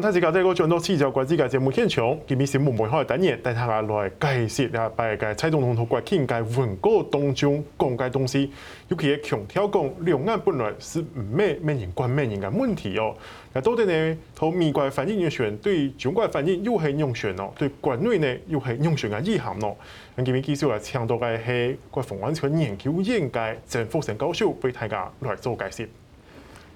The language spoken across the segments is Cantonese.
上次交代我轉到《聚焦國際》節目現場，佢面是唔會的等嘢，帶大家來解釋啊，拜屆蔡總統同國慶嘅文告當中講嘅東西，尤其係強調講兩岸本來是唔咩咩人管咩人嘅問題哦。那到底呢，同美國嘅反應人選對中國嘅反應又係用選咯，對國內呢又係用選嘅意涵咯。那今日繼續來請到嘅係國防安全研究院，特約研究員曾復生，為大家來做解釋。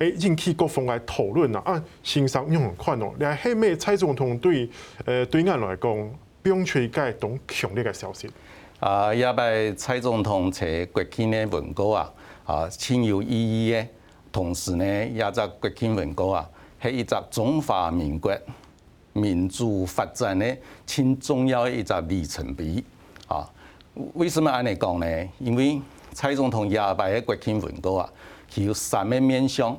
哎，引起各方來討論吶，啊，心生永恒快樂。另外，黑蔡總統對，呃，對俺來講，表出介種強烈嘅消息。啊，也白蔡總統在國慶嘅文稿啊，啊，深有意義嘅。同時呢，也只國慶文稿啊，係一個中華民國民主發展嘅，挺重要的一個里程碑。啊，為什麼俺來講呢？因為蔡總統也白喺國慶文稿啊，有三個面向。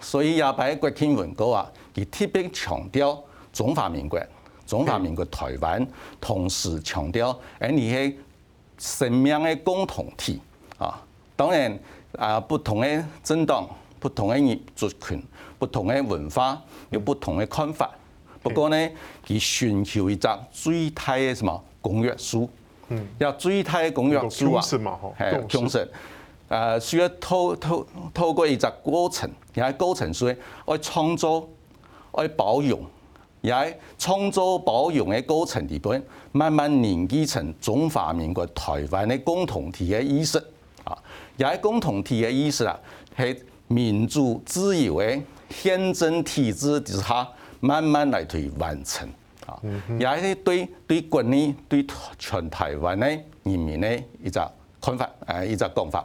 所以也喺國慶文稿啊，佢特別強調中華民國、中華民國台灣，同時強調誒你係生命嘅共同體。啊。當然啊、呃，不同嘅政黨、不同嘅族群、不同嘅文化有不同嘅看法。不過呢，咧，佢尋求一則最大嘅什麼公約書嗯，最大嘅公約書啊，嗯呃需要透透透過一個過程，也係過程需要要創造要保養，也係創造保養嘅過程裏邊，慢慢凝聚成中華民國台灣嘅共同體嘅意識。啊！也係共同體嘅意識啊，係民主自由嘅憲政體制之下，慢慢嚟去完成啊！也、嗯、係對對國呢對全台灣呢人民呢一個看法誒，一個講法。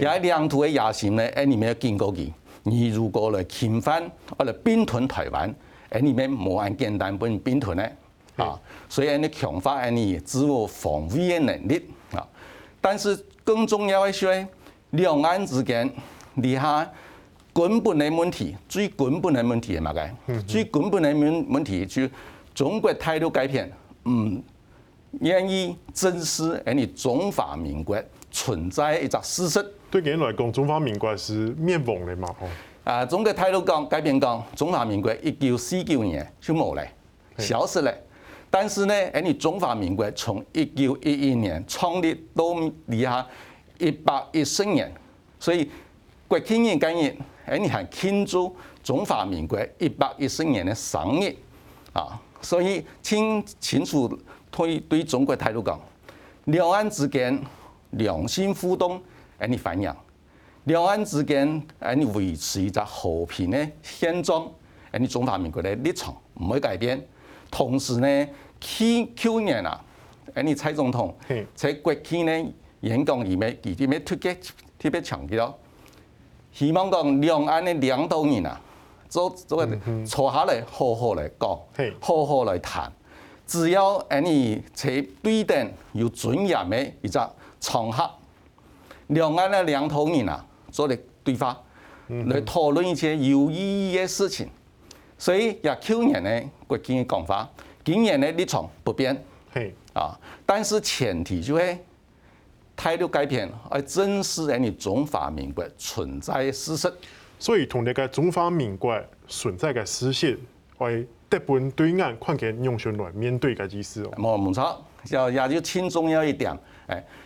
也係 土的野心呢，誒你咪要警告伊。你如果來侵犯，或者併吞台灣，誒你咪冇咁簡單，本併吞咧，啊，雖然你強化誒你自我防衛的能力，啊，但是更重要的是，兩岸之間你下根本的問題，最根本的問題，係乜嘅？最根本的問問題，就中國態度改變，唔願意正視誒你中華民國。存在一個事實，對佢來講，中華民國是滅亡的嘛？哦，啊，中國態度講，改變，講，中華民國一九四九年就沒了，消失了。但是呢，誒，你中華民國從一九一一年創立到而家一百一十年，所以國慶日今日，誒，你係慶祝中華民國一百一十年的生日啊！所以請清楚推對中國態度講，兩岸之間。兩心互動，哎，你反映兩岸之間，哎，你維持一個和平的現狀，哎，你中華民國的立場唔會改變。同時呢，去去年啊，哎，你蔡總統在國慶呢演講裏面，伊啲咩特別特別強調了，希望講兩岸的領導人啊，坐坐下來，好好來講，好好來談，只要哎，你切對等，有尊嚴嘅一個。場合，兩岸的兩頭人啊，做嚟對話、嗯，來討論一些有意義的事情。所以也去年呢，國慶的講法，今年咧立場不變，係啊，但是前提就係態度改變，正視實嘅中華民國存在事實。所以同這個中華民國存在嘅事實，會大部分對岸看見用宣來面對嘅就是哦，冇錯，要也就輕重要一點，哎。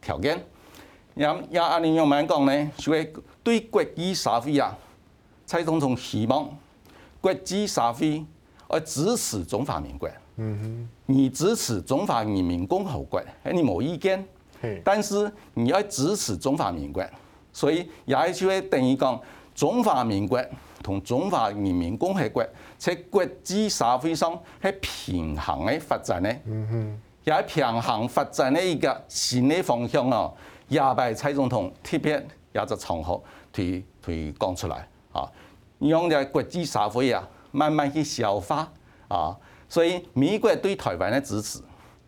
條件，咁阿阿國際社會啊，產生種希望。國際社會，我支持中華民國。嗯哼。你支持中華人民共和國，你冇意見。但是你要支持中華民國，所以也就係等於講中華民國同中華人民共和國在國際社會上係平衡嘅發展咧。嗯哼也平衡發展嘅一個新的方向哦，亞太蔡總統特別也在場合推推講出來啊，用只國際社會啊慢慢去消化啊，所以美國對台灣嘅支持，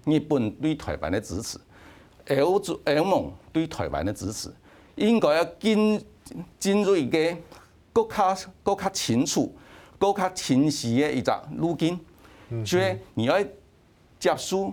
日本對台灣的支持，L 組 L 盟對台灣的支持，應該要進進入一個更加更加清楚、更加清晰嘅一個路徑，所以你要接受。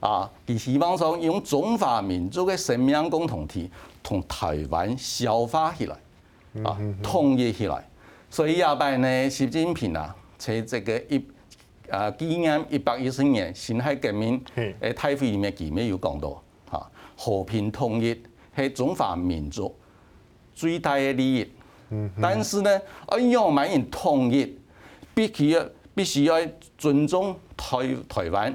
啊，而希望說用中華民族的生命共同體同台灣消化起來，啊、嗯，統一起來。所以後擺呢，習近平啊，在這個一啊紀念一百一十年辛亥革命嘅大會裡面，佢咪有講到啊，和平統一係中華民族最大嘅利益，嗯。但是呢，一樣買完統一，必須要必須要尊重台台灣。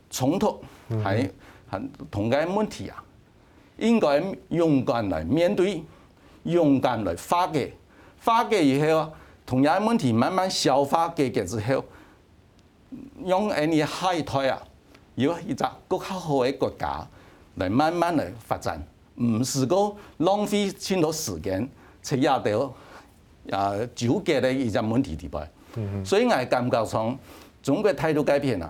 衝突係同樣問題啊，應該勇敢嚟面對，勇敢嚟化解，化解以後，同樣問題慢慢消化解決之後，用你嘅海苔啊，有一隻更好嘅國家嚟慢慢嚟發展，唔是個浪費咁多時間，赤也掉啊糾結嘅呢一隻問題啲噃，所以我感覺上中國態度改變啦。